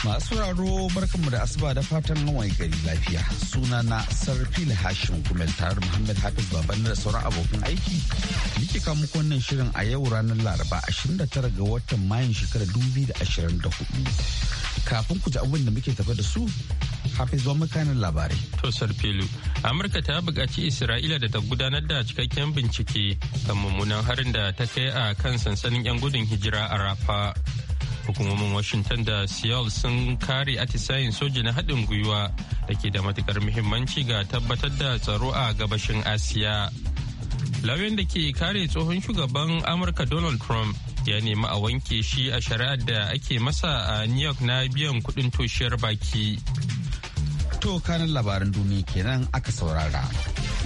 Masu raro barkanmu da asuba da fatan mai gari lafiya. Suna na Sarfil Hashim Kumel tare Muhammad Hafiz Baban da sauran abokan aiki. nike kawo muku shirin a yau ranar Laraba 29 ga watan Mayun shekarar 2024. Kafin ku ji abin da muke tafa da su, Hafiz ba makanin labarai. To Sarfilu, Amurka ta buƙaci Isra'ila da ta gudanar da cikakken bincike kan mummunan harin da ta kai a kan sansanin 'yan gudun hijira a Rafa. hukumomin washington da seoul sun kare atisayin soja na haɗin gwiwa da ke da matukar muhimmanci ga tabbatar da tsaro a gabashin asiya lauyan da ke kare tsohon shugaban amurka donald trump ya nemi a wanke shi a shari'ar da ake masa a new york na biyan kudin toshiyar baki to kanan labaran duniya kenan aka saurara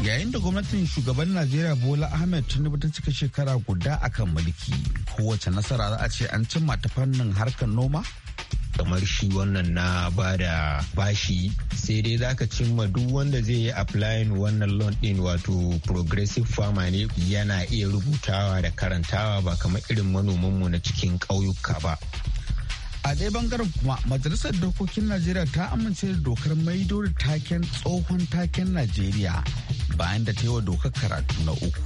yayin da gwamnatin shugaban najeriya bola ahmed tinubu ta cika shekara guda akan mulki kowace nasara za a ce an cimma ta fannin harkar noma kamar shi wannan na bada bashi sai dai za ka cimma duk wanda zai yi applying wannan loan din wato progressive farmer ne yana iya rubutawa da karantawa ba kamar irin manomanmu na cikin ƙauyuka ba a dai bangaren kuma majalisar dokokin najeriya ta amince da dokar maido da taken tsohon taken najeriya bayan da ta yi wa dokar karatu na uku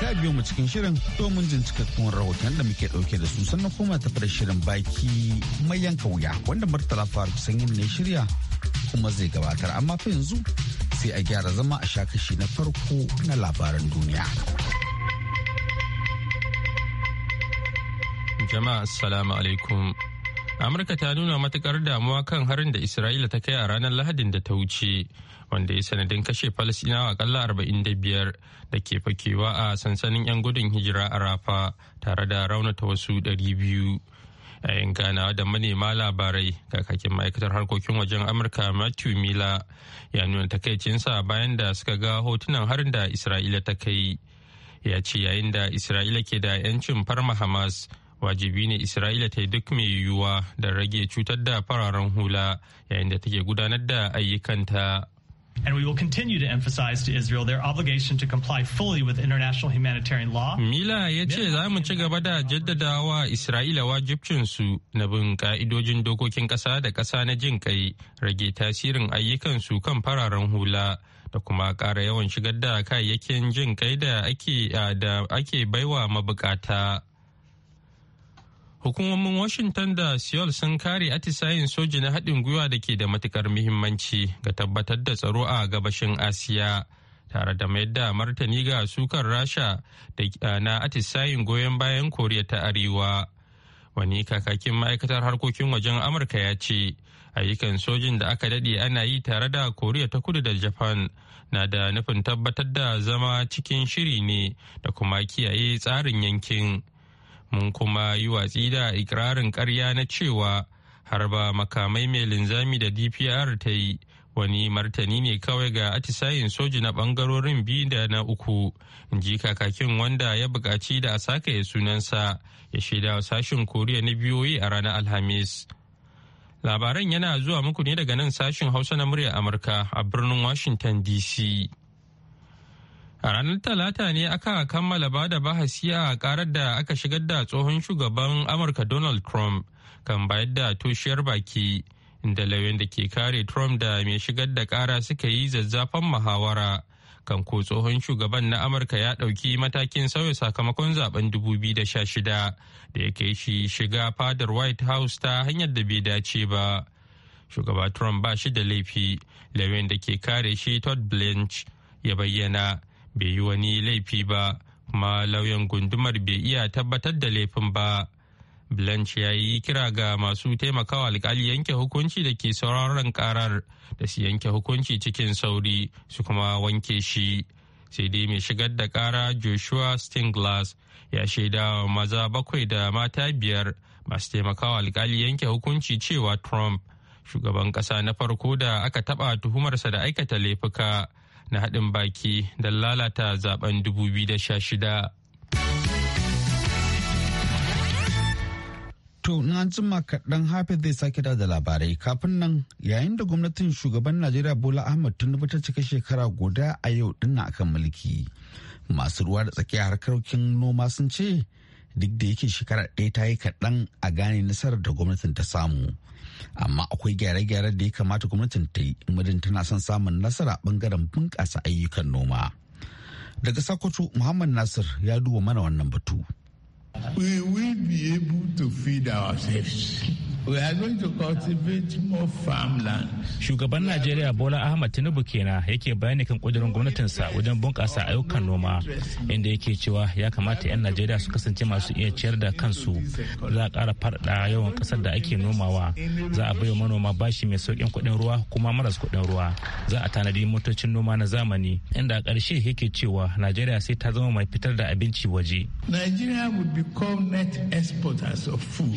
sai biyo mu cikin shirin domin jin cikakkun rahoton da muke dauke da su sannan kuma ta shirin baki mai yanka wuya wanda murtala faru sanyin ne shirya kuma zai gabatar amma fa yanzu sai a gyara zama a sha kashi na farko na labaran duniya. Jama'a Assalamu alaikum. Amurka ta nuna matukar damuwa kan harin da Isra'ila ta kai a ranar Lahadin da ta wuce, wanda ya sanadin kashe Falasinawa akalla 45 da ke fakewa a sansanin 'yan gudun hijira a Rafa tare da raunata wasu 200. yayin ganawa da manema labarai kakakin ma'aikatar harkokin wajen amurka matthew miller ya nuna takaicinsa bayan da suka ga hotunan harin da isra'ila ta kai ya ce yayin da isra'ila ke da 'yancin farma hamas wajibi ne isra'ila ta yi duk mai yiwuwa da rage cutar da fararen hula yayin da take gudanar da ayyukanta and we will continue to emphasize to Israel their obligation to comply fully with international humanitarian law. Mila ya ce za mu ci gaba da jaddada wa Isra'ila wajibcinsu na bin ka'idojin dokokin ƙasa da ƙasa na jin kai rage tasirin ayyukansu kan fararen hula da kuma ƙara yawan shigar da kayayyakin jin kai da ake baiwa mabukata. Hukumomin Washington da Seoul sun kare atisayin soji na haɗin gwiwa da ke da matukar muhimmanci ga tabbatar da tsaro a gabashin Asiya tare da mayar da martani ga sukar Rasha da eh, na atisayin goyon bayan Koriya ta Arewa. Wani kakakin ma'aikatar harkokin wajen Amurka ya ce, ayyukan sojin da aka daɗe ana yi tare da Koriya ta Kudu da Japan na da nufin tabbatar da zama cikin shiri ne da kuma kiyaye tsarin yankin. mun kuma yi watsi da ikirarin karya na cewa harba makamai mai linzami da dpr ta yi wani martani ne kawai ga atisayin soji na bangarorin biyu da na uku ji kakakin wanda ya buƙaci da a sake sunansa ya shaida sashen koriya na biyoyi a ranar alhamis labaran yana zuwa muku ne daga nan sashen hausa na murya amurka a birnin washington dc A ranar Talata ne aka kammala ba da bahasi a karar da aka shigar da tsohon shugaban Amurka Donald Trump kan bayar da toshiyar baki inda lauyan da ke kare Trump da mai shigar da kara suka yi zazzafan muhawara kan ko tsohon shugaban na Amurka ya ɗauki matakin sauya sakamakon zaben 2016 da ya kai shi shiga fadar White House ta hanyar da bai dace ba. Shugaba Trump ba shi da laifi, lauyan da ke kare shi Todd Blanche ya bayyana. bai yi wani laifi ba kuma lauyan gundumar bai iya tabbatar da laifin ba blanch ya yi kira ga masu taimakawa alkali yanke hukunci da ke sauraron karar da su yanke hukunci cikin sauri su kuma wanke shi sai dai mai shigar da kara joshua stinglass ya shaida maza bakwai da mata biyar masu taimakawa alkali yanke hukunci cewa trump shugaban kasa na farko da aka taba tuhumarsa da aikata laifuka na haɗin baki da lalata zaben 2016. To, na jima kaɗan Hafiz zai sake da labarai kafin nan yayin da gwamnatin shugaban Najeriya Bola Ahmed Tinubu ta cika shekara guda a yau dinna akan mulki. Masu ruwa da tsakiya harkokin noma sun ce duk da yake shekara ɗaya ta yi kaɗan a gane nasarar da gwamnatin ta samu. amma akwai gyare-gyaren da ya kamata gwamnatin ta yi muddin tana son samun nasara bangaren bunƙasa ayyukan noma daga sakoto muhammad nasir ya duba mana wannan batu we will be able to feed ourselves Shugaban Najeriya Bola Ahmad Tinubu kenan yake bayani kan kudirin gwamnatinsa wajen bunƙasa ayyukan noma inda yake cewa ya kamata 'yan Najeriya su kasance masu iya ciyar da kansu za a ƙara farɗa yawan ƙasar da ake nomawa za a baiwa manoma bashi mai sauƙin kuɗin ruwa kuma maras kuɗin ruwa za a tanadi motocin noma na zamani inda a ƙarshe yake cewa Najeriya sai ta zama mai fitar da abinci waje. Nigeria will become net exporters of food.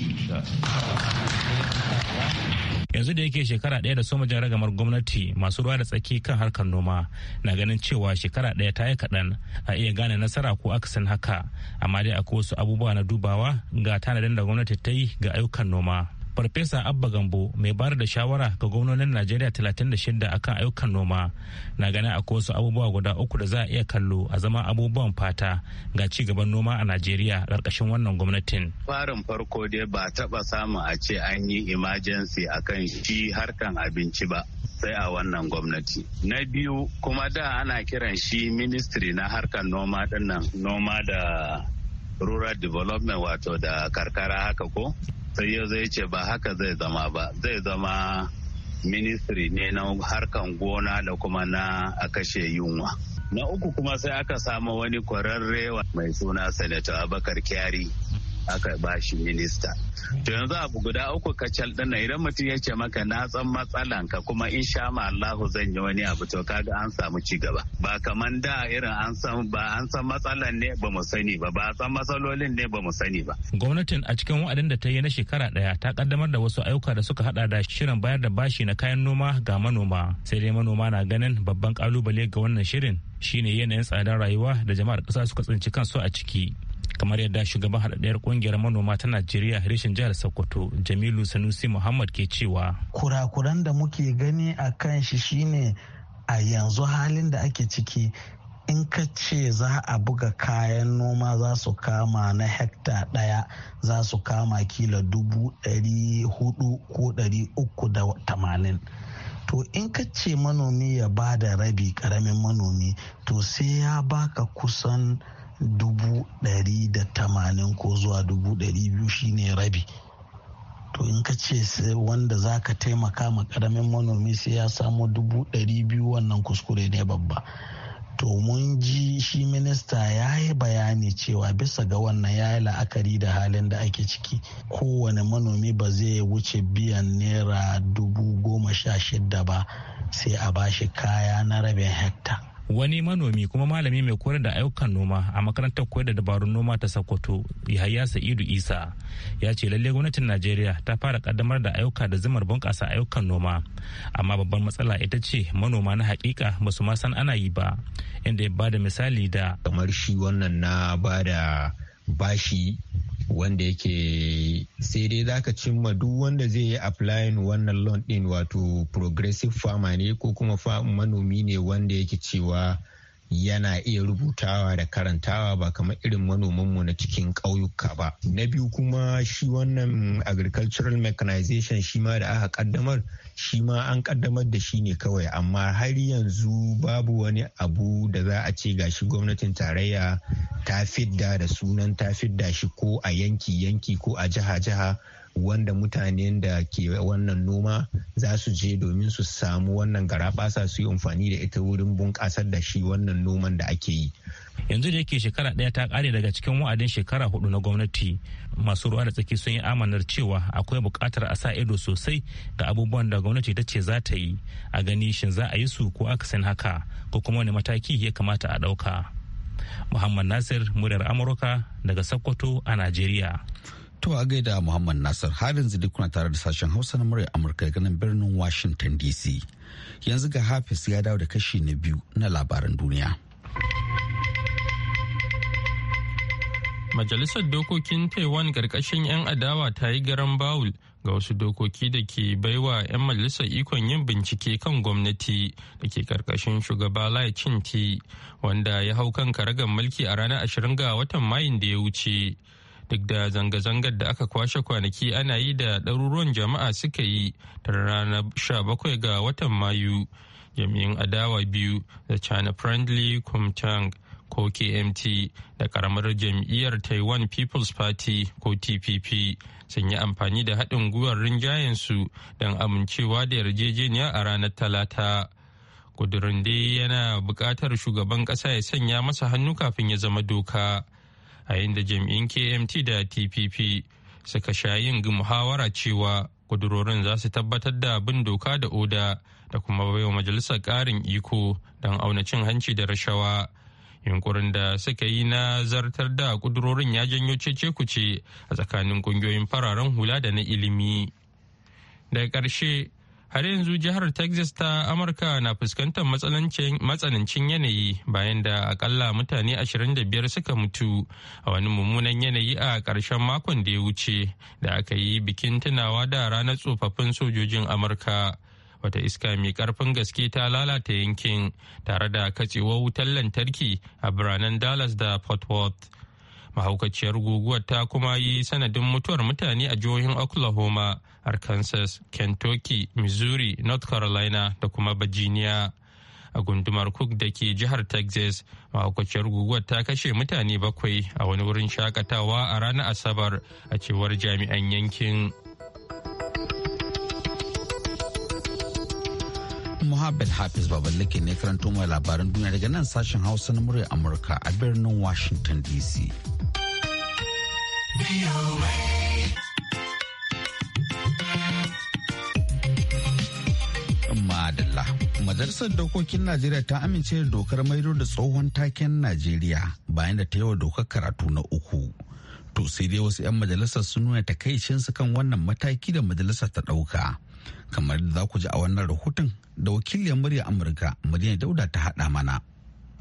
yanzu da yake shekara ɗaya da soma ragamar gwamnati masu ruwa da tsaki kan harkar noma na ganin cewa shekara ɗaya ta yi kaɗan a iya gane nasara ko akasin haka amma dai akwai wasu abubuwa na dubawa ga tanadin da gwamnati ta yi ga ayyukan noma farfesa abba gambo mai bayar da shawara ga gwamnonin najeriya 36 akan ayyukan noma na ganin akwai wasu abubuwa guda uku da za a iya kallo a zama abubuwan fata ga ci gaban noma a najeriya ƙarƙashin wannan gwamnatin farin farko dai ba taɓa samu a ce an yi emergency akan shi harkan abinci ba sai a wannan gwamnati. Na biyu kuma da ana kiran shi ministry na harkan noma dinnan noma da rural development wato da karkara haka ko? sai yau zai ce ba haka zai zama ba zai zama ministry ne na harkan gona da kuma na a kashe yunwa na uku kuma sai aka samu wani kwararrewa. mai suna senator abakar kyari aka ba shi minista. To yanzu abu guda uku kacal ɗin idan mutum ya ce maka na san matsalan ka kuma in sha ma Allahu zan yi wani abu to kaga an samu ci gaba. Ba kaman da irin an san ba an san matsalan ne ba mu sani ba ba san matsalolin ne ba mu sani ba. Gwamnatin a cikin wa'adin da ta yi na shekara ɗaya ta kaddamar da wasu ayyuka da suka hada da shirin bayar da bashi na kayan noma ga manoma sai dai manoma na ganin babban kalubale ga wannan shirin shine yanayin tsadar rayuwa da jama'ar kasa suka tsinci kansu a ciki. kamar yadda shugaban haɗaɗɗiyar ƙungiyar manoma ta najeriya harishin jihar sokoto jamilu sanusi muhammad ke cewa kurakuran da muke gani a kan shi shine a yanzu halin da ake ciki in ka ce za a buga kayan noma za su kama na hekta ɗaya za su kama kila dubu ɗari hudu ko ɗari uku da tamanin to in ka ce manomi ya ba da rabi ƙaramin manomi to sai ya baka kusan dubu ɗari da tamanin ko zuwa dubu ɗari biyu shine rabi to in ka ce wanda za ka taimaka ma karamin manomi sai ya samu dubu ɗari biyu wannan kuskure ne babba to mun ji shi minista ya yi bayani cewa bisa ga wannan ya yi la'akari da halin da ake ciki kowane manomi ba zai wuce biyan naira dubu goma sha shida ba sai a bashi kaya na rabin hekta wani manomi kuma malami mai koyar da ayyukan noma a makarantar koyar da dabarun noma ta sokoto yahaya sa'idu isa ya ce lalle gwamnatin najeriya ta fara kaddamar da ayyuka da zumar bunƙasa ayyukan noma amma babbar matsala ita ce manoma na hakika ba su ma san ana yi ba inda ya bada misali da kamar shi wannan na bada bashi wanda yake sai dai zaka cimma duk wanda zai yi applying wannan loan din wato progressive farmer ne ko kuma manomi ne wanda yake cewa yana iya rubutawa da karantawa ba kamar irin manomanmu na cikin ƙauyuka ba na biyu kuma shi wannan agricultural mechanization shi ma da aka kaddamar shi ma an kaddamar da shi ne kawai amma har yanzu babu wani abu da za a ce gashi gwamnatin tarayya ta fidda da sunan ta fidda shi ko a yanki yanki ko a jiha jiha wanda mutanen da ke wannan noma za su je domin su samu wannan garabasa su yi amfani da ita wurin bunƙasar da shi wannan noman da ake yi yanzu da yake shekara ɗaya ta ƙare daga cikin wa'adin shekara hudu na gwamnati masu ruwa da tsaki sun yi amanar cewa akwai bukatar a sa ido sosai ga abubuwan da gwamnati ta ce za ta yi a gani shin za a yi su ko aka san haka ko kuma wani mataki ya kamata a ɗauka muhammad nasir muryar amurka daga sokoto a najeriya To a gaida Muhammad Nasir har yanzu duk kuna tare da sashen Hausa na murya Amurka daga nan birnin Washington DC. Yanzu ga Hafiz ya dawo da kashi na biyu na labaran duniya. Majalisar Dokokin Taiwan ƙarƙashin 'yan adawa ta yi garan bawul ga wasu dokoki da ke baiwa 'yan majalisar ikon yin bincike kan gwamnati da ke karkashin shugaba Lai Chin wanda ya hau kan karagar mulki a ranar 20 ga watan Mayun da ya wuce. duk da zanga-zangar da aka kwashe kwanaki ana yi da ɗaruruwan jama'a suka yi ta ranar 17 ga watan mayu jami'in adawa biyu da china friendly kumtang ko kmt da karamar jam'iyyar taiwan people's party ko tpp sun yi amfani da haɗin gwiwar rinjayen su don amincewa da yarjejeniya a ranar talata kudurin dai yana buƙatar shugaban ƙasa ya sanya masa hannu kafin ya zama doka a inda jam'in kmt da tpp suka sha yin muhawara cewa kudurorin za su tabbatar da bin doka da oda da kuma baiwa majalisar ƙarin iko don auna cin hanci da rashawa yunkurin da suka yi na zartar da kudurorin ya janyo cece kuce a tsakanin kungiyoyin fararen hula da na ilimi daga ƙarshe har yanzu jihar texas ta amurka na fuskantar matsanancin yanayi bayan da akalla mutane 25 suka mutu a wani mummunan yanayi a ƙarshen makon da ya wuce da aka yi bikin tunawa da ranar tsofaffin sojojin amurka wata iska mai karfin gaske ta lalata yankin tare da katsewar wutar lantarki a biranen dallas da fort worth mahaukaciyar guguwar ta kuma yi sanadin mutuwar mutane a jihohin oklahoma arkansas kentucky missouri north carolina da kuma virginia a gundumar cook da ke jihar texas mahaukaciyar guguwar ta kashe mutane bakwai a wani wurin shakatawa a ranar asabar a cewar jami'an yankin Muhammad Hafiz Baballake ne karanto mai labaran duniya daga nan sashen Hausa na murya Amurka a birnin Washington DC. Madalla. Majalisar Dokokin Najeriya ta amince da dokar maido da tsohon taken Najeriya bayan da ta yi wa dokar karatu na uku. To sai dai wasu 'yan majalisar sun nuna takaicinsu kan wannan mataki da majalisar ta ɗauka. Kamar da za ku ji a wannan rahoton da wakiliyar murya Amurka Madina Dauda ta haɗa mana.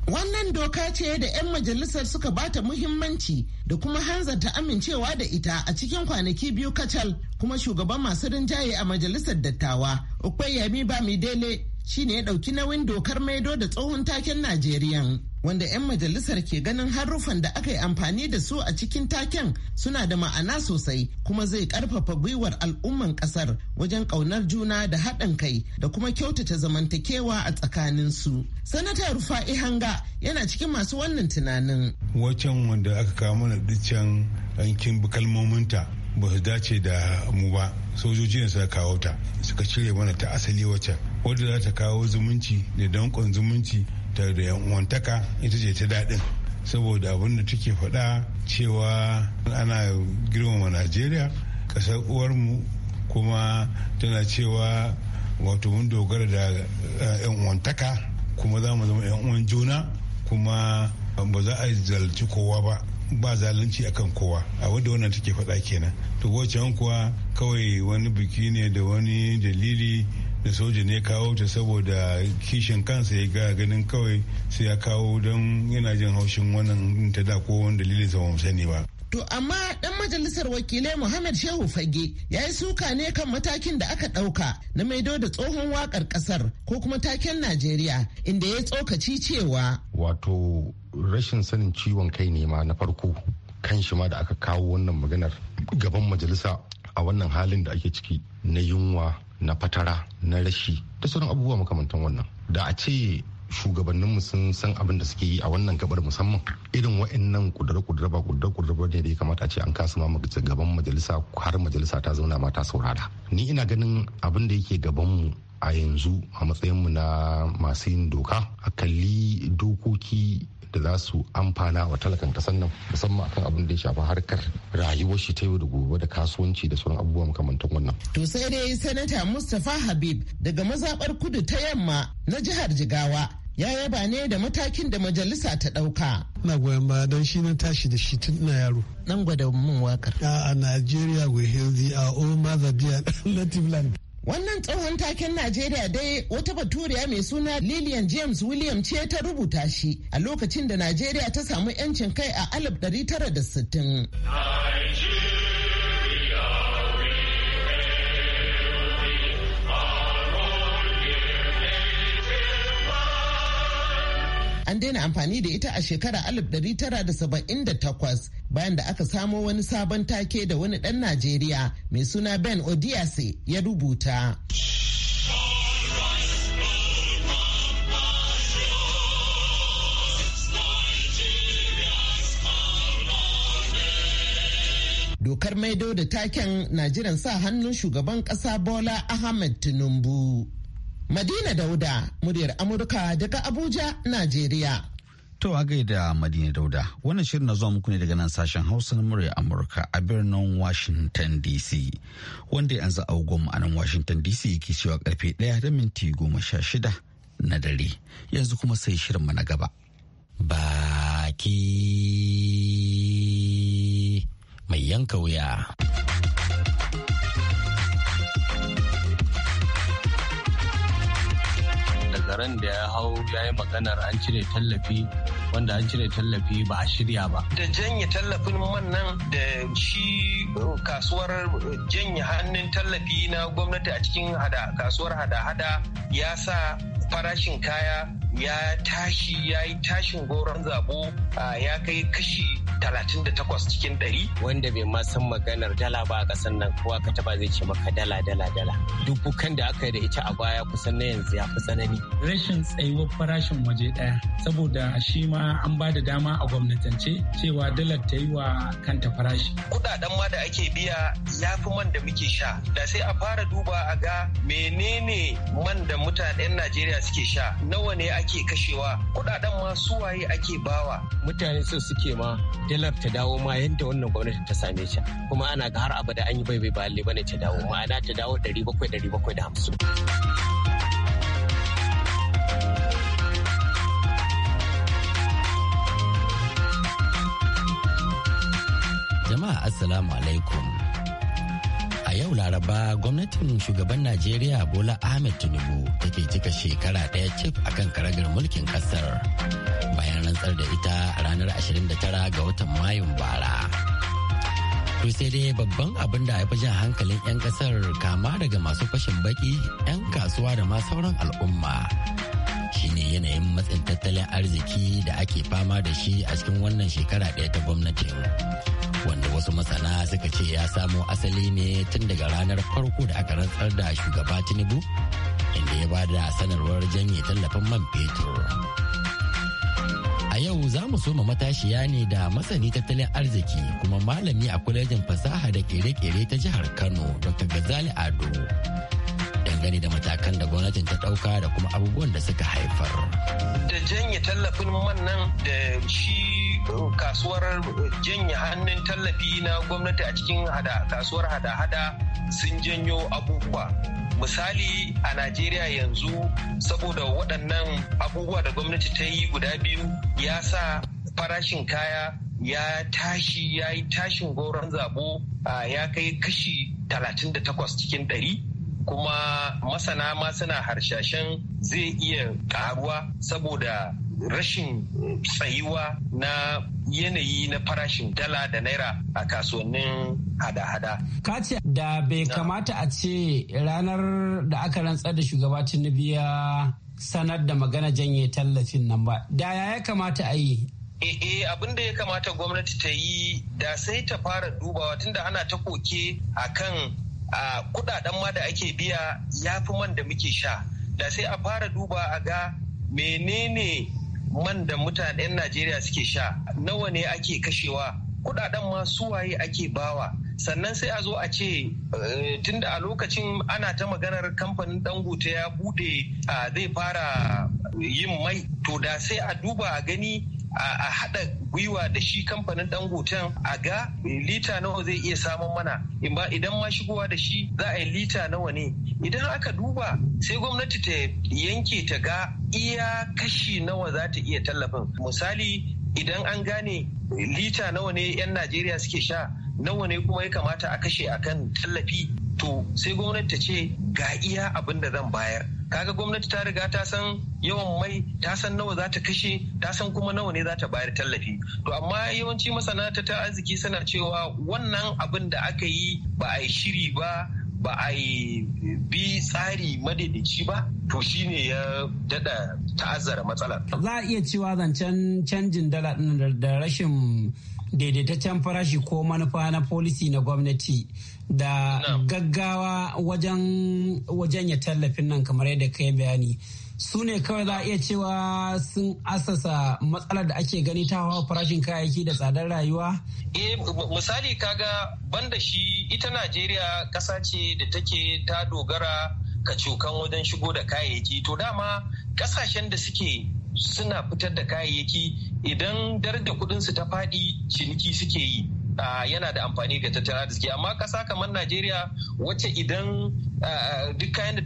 Wannan doka ce da 'yan majalisar suka bata muhimmanci da kuma hanzarta amincewa da ita a cikin kwanaki biyu kacal kuma shugaban masu rinjaye a majalisar dattawa Ukwai Yami Bamidele shine ya ɗauki nauyin dokar maido da tsohon taken najeriya Wanda 'yan majalisar ke ganin haruffan da aka yi amfani da su a cikin taken suna da ma'ana sosai kuma zai karfafa gwiwar al'umman kasar wajen ƙaunar juna da haɗin kai da kuma kyautata zamantakewa a tsakanin su Sanata Rufa'i Hanga yana cikin masu wannan tunanin. Wacan wanda aka kawo mana dicen yankin kalmominta ba su dace da mu ba sojoji ne suka kawo ta suka cire mana ta asali wacce wadda za ta kawo zumunci da danƙon zumunci ta da uwantaka ita ce ta daɗin saboda abin da take faɗa cewa ana girmama najeriya ƙasar mu. kuma tana cewa wato mun dogara da yan kuma za mu zama yan uwan juna kuma ba za a zalci kowa ba ba zalunci akan kowa a wadda wannan take faɗa kenan to wancan kuwa kawai wani biki ne da wani dalili da soja ne kawo ta saboda kishin kansa ya ga ganin kawai sai ya kawo don yana jin haushin wannan ta da ko wani dalilin sa mu sani ba To amma dan majalisar wakilai Muhammad Shehu Fage ya yi suka ne kan matakin da aka ɗauka na maido da tsohon wakar ƙasar ko kuma taken Najeriya inda ya tsokaci cewa. Wato rashin sanin ciwon kai ne ma na farko kan shi ma da aka kawo wannan maganar gaban majalisa a wannan halin da ake ciki na yunwa na fatara na rashi da sauran abubuwa makamantan wannan da a ce shugabanninmu sun san abin da suke yi a wannan gabar musamman irin wa'annan kudura-kudura ba kudura-kudura ne da ya kamata a ce an kasu ma gaban majalisa har majalisa ta zauna ma ta saurara ni ina ganin abin da yake gabanmu a yanzu a matsayinmu na masu yin doka a kalli dokoki da za su amfana wa talakan kasan nan musamman akan abin da ya shafi harkar rayuwar shi ta yau da gobe da kasuwanci da sauran abubuwa makamantan wannan. To sai dai sanata Mustapha Habib daga mazabar kudu ta yamma na jihar Jigawa ya yaba ne da matakin da majalisa ta ɗauka. Na goyon baya don shi na tashi da shi tun ina yaro. Nan gwada mun wakar. A Najeriya we healthy uh, our own mother dear native land. Wannan tsohon taken Najeriya dai wata baturiya mai suna lilian James William ce ta rubuta shi a lokacin da Najeriya ta samu 'yancin kai a 1960. an daina amfani da ita a shekara 1978 bayan da aka samo wani sabon take da wani ɗan Najeriya mai suna Ben Odiase ya rubuta. dokar maido da taken na jiran sa hannun shugaban kasa bola ahmed tinubu Madina Dauda, muryar Amurka daga Abuja, Najeriya. To a gaida Madina Dauda, wannan shirin na zuwa muku ne daga nan sashen Hausa na muryar Amurka a birnin Washington DC. Wanda yanzu agogon a nan Washington DC yake cewa karfe ɗaya da minti goma sha shida na dare. Yanzu kuma sai shirin mu na gaba. Baki mai yanka wuya. zaren da ya hau ya yi maganar an cire tallafi wanda an cire tallafi ba a shirya ba. Da janye tallafin man nan da shi kasuwar janye hannun tallafi na gwamnati a cikin kasuwar hada-hada ya sa farashin kaya ya tashi ya yi tashin goron zabo ya kai kashi 38 cikin 100 wanda bai ma san maganar dala ba a kasan nan kowa ka taba zai ce maka dala dala dala dubukan da aka yi da ita a baya kusan na yanzu ya fi tsanani rashin tsayuwar farashin waje daya saboda shi ma an ba da dama a gwamnatance cewa dalar ta yi wa kanta farashi kudaden ma da ake biya ya fi man da muke sha da sai a fara duba a ga menene man da mutanen najeriya suke sha nawa ne ake ake kashewa kudaden ma suwaye ake bawa mutane so suke ma dalar ta dawo ma yadda wannan gwamnati ta same ta kuma ana ga har abada an yi bai bai bale bane ta dawo ma'ana ta dawo 700 750 jama'a assalamu alaikum a yau laraba gwamnatin shugaban najeriya bola ahmed tinubu take cika shekara ɗaya cif a kan karagar mulkin kasar bayan rantsar da ita a ranar 29 ga watan mayun bara to sai dai babban abin da haifi jan hankalin 'yan kasar kama daga masu fashin baki 'yan kasuwa da ma sauran al'umma shine yanayin matsin tattalin arziki da ake fama da shi a cikin wannan shekara ɗaya ta gwamnatin wanda wasu masana suka ce ya samo asali ne tun daga ranar farko da aka rantsar da shugaba tinubu inda ya ba da sanarwar janye tallafin man fetur a yau za mu soma matashiya ne da masani tattalin arziki kuma malami a kwalejin fasaha da kere-kere ta jihar kano dr gazali ado dangane da matakan da gwamnatin ta dauka da kuma abubuwan da suka haifar da janye tallafin man nan da shi kasuwar janye hannun tallafi na gwamnati a cikin kasuwar hada-hada sun janyo abubuwa misali a najeriya yanzu saboda waɗannan abubuwa da gwamnati ta yi guda biyu ya sa farashin kaya ya tashi ya yi tashin goron zabo ya kai kashi 38 cikin ɗari. kuma masana ma suna harshashen zai iya karuwa saboda rashin tsayuwa na yanayi na farashin dala da naira a kasuwannin hada-hada. Kace da bai kamata a ce ranar da aka rantsar da shugaba Tinubu biya sanar da magana janye tallafin nan ba. Da ya kamata a yi eh, eh abin da ya kamata gwamnati ta yi da sai ta fara dubawa tunda ana ta koke a kan kudaden ma da ake biya ya fi man da muke sha da sai a fara duba a ga menene man da mutanen Najeriya suke sha nawa ne ake kashewa kudaden ma suwaye ake bawa sannan sai a zo a ce eh, tunda a lokacin ana ta maganar kamfanin dangote ya bude ah, zai fara yin mai to da sai a duba a gani a haɗa gwiwa da shi kamfanin dangoten a ga lita nawa zai iya samun mana in ba idan ma shigowa da shi za a yi lita nawa ne idan aka duba sai gwamnati ta yanke ta ga iya kashi nawa za ta iya tallafin misali idan an gane lita nawa ne 'yan najeriya suke sha nawa ne kuma ya kamata a kashe akan tallafi to sai gwamnati ta ce ga iya abin da zan bayar kaga gwamnati ta riga ta san yawan mai ta san nawa za ta kashe ta san kuma nawa ne za ta bayar tallafi to amma yawanci masana ta arziki suna cewa wannan abin da aka yi ba a yi shiri ba ba a yi bi tsari madaidaici ba to shine ya dada ta'azzara matsalar. Za a iya cewa zancen canjin dala da rashin daidaitaccen farashi ko manufa na folisi na gwamnati da gaggawa wajen wajen ya tallafin nan kamar yadda ka yi bayani su ne kawai za a iya cewa sun asasa matsalar da ake gani ta hawa farashin kayayyaki da tsadar rayuwa? E, misali kaga banda shi ita Najeriya ƙasa ce da take ta dogara kacokan wajen shigo da kayayyaki to dama ƙasashen da suke suna fitar da kayayyaki idan da kudinsu ta faɗi ciniki suke yi. yana da amfani ga tattalin arziki amma kasa kamar najeriya wacce idan duk kayan da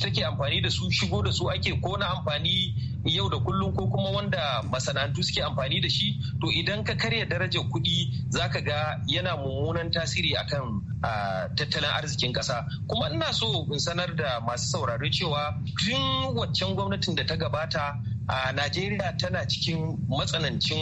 take amfani da su shigo da su ake ko na amfani yau da kullum ko kuma wanda masana'antu suke amfani da shi to idan ka karya darajar kuɗi zaka ga yana mummunan tasiri akan tattalin arzikin ƙasa kuma ina so in sanar da masu saurare cewa tun waccan gwamnatin da ta gabata a najeriya tana cikin matsanancin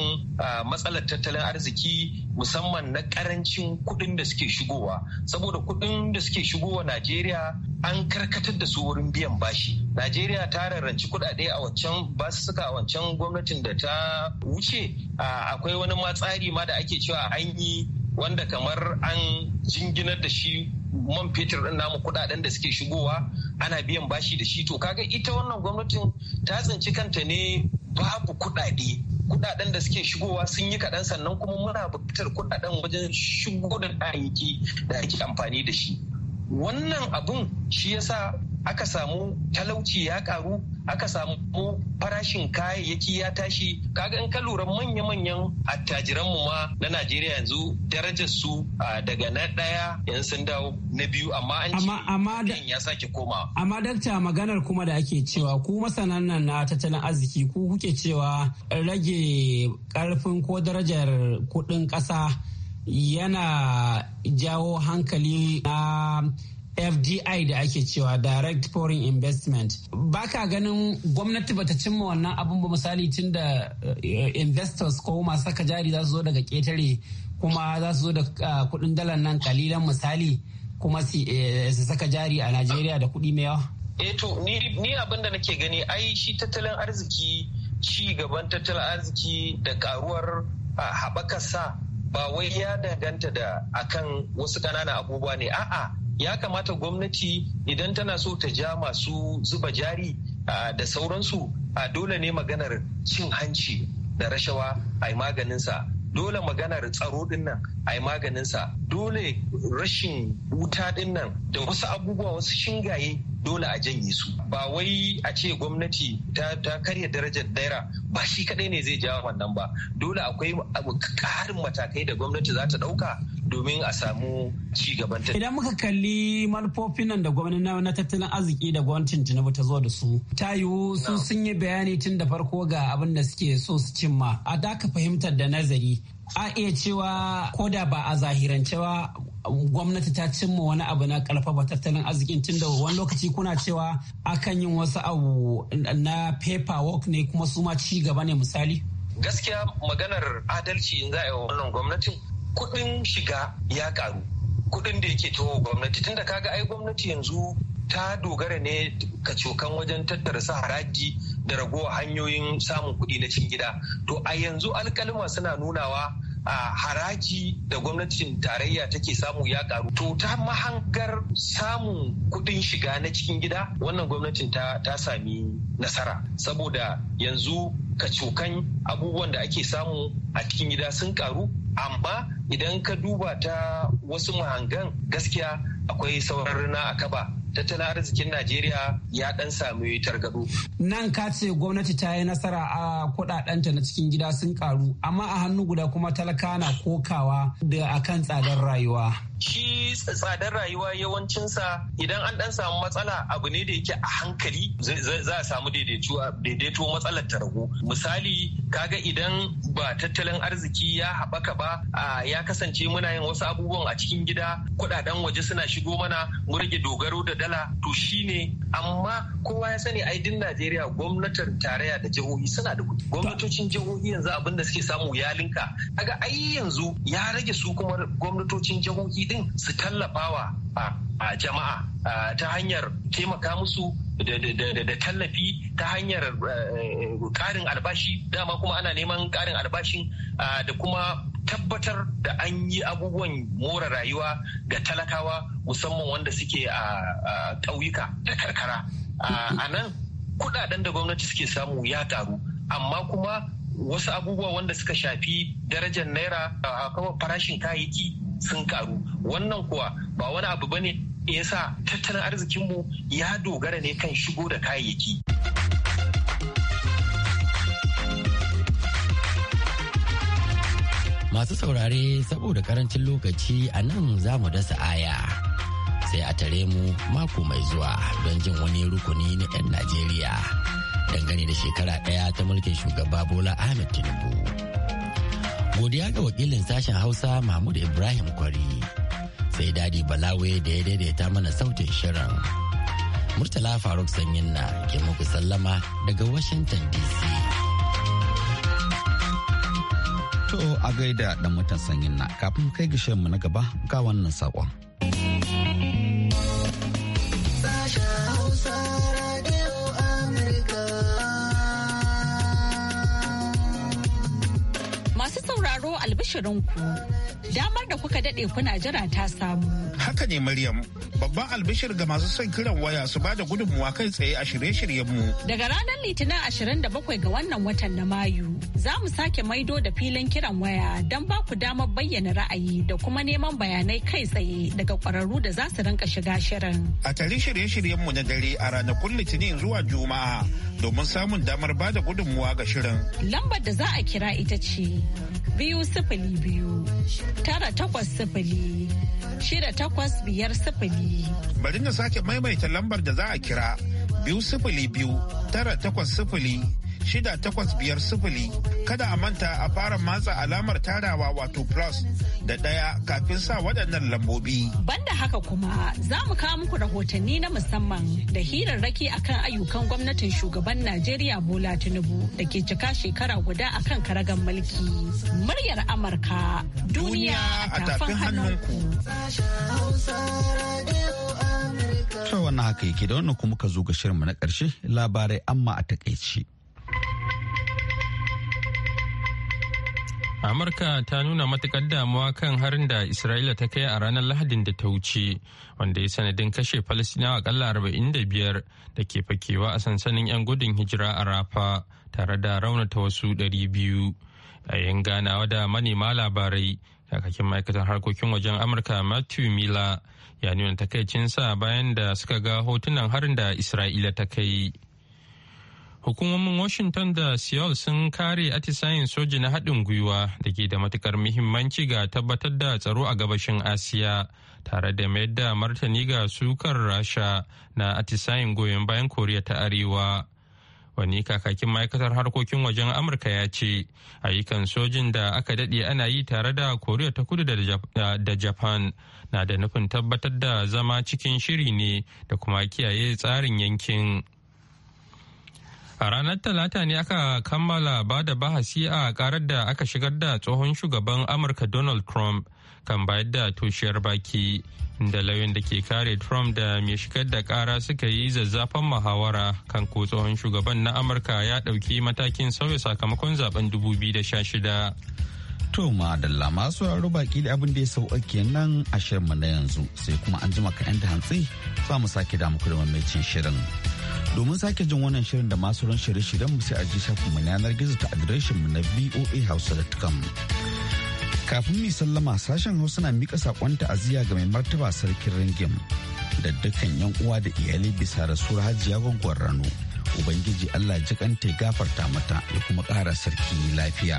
matsalar tattalin arziki musamman na karancin kuɗin da suke shigowa saboda kuɗin da suke shigowa najeriya an karkatar da su wurin biyan bashi najeriya ta rarranci kuɗaɗe a wancan suka a wancan gwamnatin da ta wuce akwai wani ma tsari ma da ake cewa an yi wanda kamar an jinginar da shi man fetur ɗin namu kuɗaɗen da suke shigowa ana biyan bashi da shi to kaga ita wannan gwamnatin ta tsinci kanta ne babu kuɗaɗe. Kuɗaɗen da suke shigowa sun yi kaɗan sannan kuma muna buƙatar kuɗaɗen wajen shigo da kayayyaki da ake amfani da shi wannan abun shi yasa aka samu talauci ya karu aka samu farashin kayayyaki ya tashi kaga in ka lura manya-manyan attajiran mu ma na najeriya yanzu darajar su daga na daya yanzu sun dawo na biyu amma an ce ya sake koma amma dakta maganar kuma da ake cewa ku masanan nan na tattalin arziki ku kuke cewa rage karfin ko darajar kudin kasa yana jawo hankali na FDI da ake cewa Direct Foreign Investment. ba ka ganin gwamnati bata cimma wannan abin ba misali tun da eh, investors ko masu saka jari za su zo daga ketare kuma za su zo da ah, kudin dalar nan kalilan misali kuma eh, su saka jari a Najeriya da kudi mai yawa. Eto, eh, ni abin da nake gani ai shi tattalin arziki ci gaban tattalin arziki da karuwar ah, haɓakarsa ba wai ya danganta da akan wasu ƙananan abubuwa ne a'a ya kamata gwamnati idan tana so ta ja masu zuba jari da sauransu a dole ne maganar cin hanci da rashawa a maganinsa dole maganar tsaro dinnan a yi maganinsa dole rashin wuta dinnan da wasu abubuwa wasu shingaye dole a janye su ba wai a ce gwamnati ta, karya darajar naira ba shi kadai ne zai jawo wannan ba dole akwai karin matakai da gwamnati za ta dauka domin a samu ci gaban tattalin. Idan muka kalli manufofin nan da gwamnati na tattalin arziki da gwamnatin Tinubu ta zo da su, ta yiwu su sun yi bayani tun da farko ga abin da suke so su cimma. A da ka fahimtar da nazari, a iya cewa ko da ba a zahirance ba gwamnati ta cimma wani abu na karfafa tattalin arzikin tun da wani lokaci kuna cewa akan yin wasu abu na paperwork ne kuma su ma ci gaba ne misali gaskiya maganar adalci in za a yi wannan gwamnatin kuɗin shiga ya karu kuɗin da yake tawo gwamnati tunda kaga ai gwamnati yanzu ta dogara ne ka cokan wajen tattara sa haraji da ragowa hanyoyin samun kuɗi na cin gida to a yanzu alkalima suna nunawa a haraji da gwamnatin tarayya take samu ya karu to ta mahangar samun kuɗin shiga na cikin gida wannan gwamnatin ta sami nasara saboda yanzu kacokan abubuwan da ake samu a cikin gida sun karu amma idan ka duba ta wasu mahangan gaskiya akwai sauran rana a kaba tattalin arzikin Najeriya ya dan sami targado. Nan ka ce gwamnati ta yi nasara a kudadenta na cikin gida sun karu, amma a hannu guda kuma talaka na kokawa da akan tsadar rayuwa. shi tsadar rayuwa yawancinsa idan an dan samu matsala abu ne da yake a hankali za a samu daidaito matsalar ta ragu misali kaga idan ba tattalin arziki ya haɓaka ba ya kasance muna yin wasu abubuwan a cikin gida kuɗaɗen waje suna shigo mana mu rage dogaro da dala to shine amma kowa ya sani ai din Najeriya gwamnatin tarayya da jihohi suna da kuɗi gwamnatocin jihohi yanzu abin suke samu ya linka kaga ai yanzu ya rage su kuma gwamnatocin jihohi din su tallafawa a jama'a ta hanyar taimaka musu da tallafi ta hanyar eh, karin albashi dama kuma ana neman karin albashin da kuma tabbatar da an yi abubuwan mora rayuwa ga talakawa musamman wanda suke a ƙauyuka da karkara a nan kudaden da gwamnati suke samu ya karu amma kuma wasu abubuwa wanda suka shafi darajar naira a farashin kayayyaki sun karu wannan kuwa ba wani abu bane yasa tattalin arzikinmu ya dogara ne kan shigo da kayayyaki. Masu saurare saboda karancin lokaci a nan za mu dasa aya. Sai a tare mu mako mai zuwa don jin wani rukuni na 'yan Najeriya dangane da shekara ɗaya ta mulkin shugaba Bola Ahmed Tinubu. Godiya ga wakilin sashen Hausa Mahmud Ibrahim Kwari. sai dadi balawe da ya daidaita mana sautin shirin murtala faruk sanyin na ke muku sallama daga washington dc to a gaida da mutan sanyin na kafin kai mu na gaba ga wannan saƙon. ku damar da kuka daɗe kuna jira ta samu. Haka ne Maryam, babban albishir ga masu son kiran waya su bada gudunmuwa kai tsaye a shirye mu. Daga ranar Litinin ashirin da bakwai ga wannan watan na Mayu, za mu sake maido da filin kiran waya don ba ku damar bayyana ra'ayi da kuma neman bayanai kai tsaye daga kwararru da za su rinka shiga shirin. A tare shirye mu na dare a ranakun Litinin zuwa Juma'a. domin samun damar bada gudunmuwa ga shirin. Lambar da za a kira ita ce biyu sifili biyu tara takwas sifili shida takwas biyar sifili. Bari na sake maimaita lambar da za a kira biyu sifili biyu tara takwas sifili shida takwas sifili kada a manta a fara matsa alamar tarawa wato plus da ɗaya kafin sa waɗannan lambobi. Banda haka kuma za mu kawo muku rahotanni na musamman da hirarraki akan ayyukan gwamnatin shugaban Najeriya Bola Tinubu da ke cika shekara guda akan karagan mulki. Muryar Amurka duniya a tafin hannunku. To wannan haka yake da wannan kuma ka zo ga shirinmu na ƙarshe labarai amma a takaice. Amurka ta nuna matukar damuwa kan harin da Isra'ila ta kai a ranar Lahadin da ta wuce, wanda ya sanadin kashe Falasinawa aƙalla arba'in da biyar da ke fakewa a sansanin 'yan gudun hijira a Rafa tare da raunata wasu ɗari biyu Yayin ganawa da manema labarai, kakakin ma'aikatan harkokin wajen Amurka Matthew Miller ya nuna takaicinsa bayan da suka ga hotunan harin da Isra'ila ta kai. hukumomin washington da seoul sun kare atisayen soji na haɗin gwiwa da ke da matukar muhimmanci ga tabbatar da tsaro a gabashin asiya tare da mayar da martani ga sukar rasha na atisayen goyon bayan koriya ta arewa wani kakakin ma'aikatar harkokin wajen amurka ya ce ayyukan sojin da aka daɗe ana yi tare da koriya ta kudu da japan na da nufin tabbatar da zama cikin shiri ne da kuma kiyaye tsarin yankin. A ranar Talata ne aka kammala ba da bahasi a karar da aka shigar da tsohon shugaban Amurka Donald Trump kan bayar da toshiyar baki da lauyan da ke kare Trump da mai shigar da kara suka yi zazzafan muhawara kan ko tsohon shugaban na Amurka ya ɗauki matakin sauya sakamakon zaben 2016. da da lama raro baki da abin da ya sauƙaƙe nan a shirinmu na yanzu sai kuma an jima ka 'yan da hantsi za mu sake damu da cin shirin. Domin sake jin wannan shirin da masu ran shirye-shiryen mu sai a ji shafin mu yanar gizo ta adireshin mu na voahausa.com. Kafin mu sallama sashen Hausa na mika sakon ta'aziyya ga mai martaba sarkin ringim da dukkan yan uwa da iyali bisa rasuwar hajiya gwangwar rano. Ubangiji Allah jikanta ya gafarta mata ya kuma kara sarki lafiya.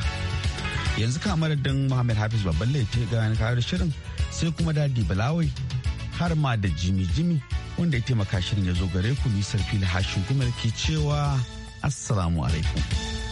yanzu kamar don Muhammad Hafiz babban ta gani kawar shirin sai kuma Dadi Balawai har ma da Jimi Jimi wanda ya taimaka shirin ya zo gare ku nisar fili hashin gumar ke cewa assalamu alaikum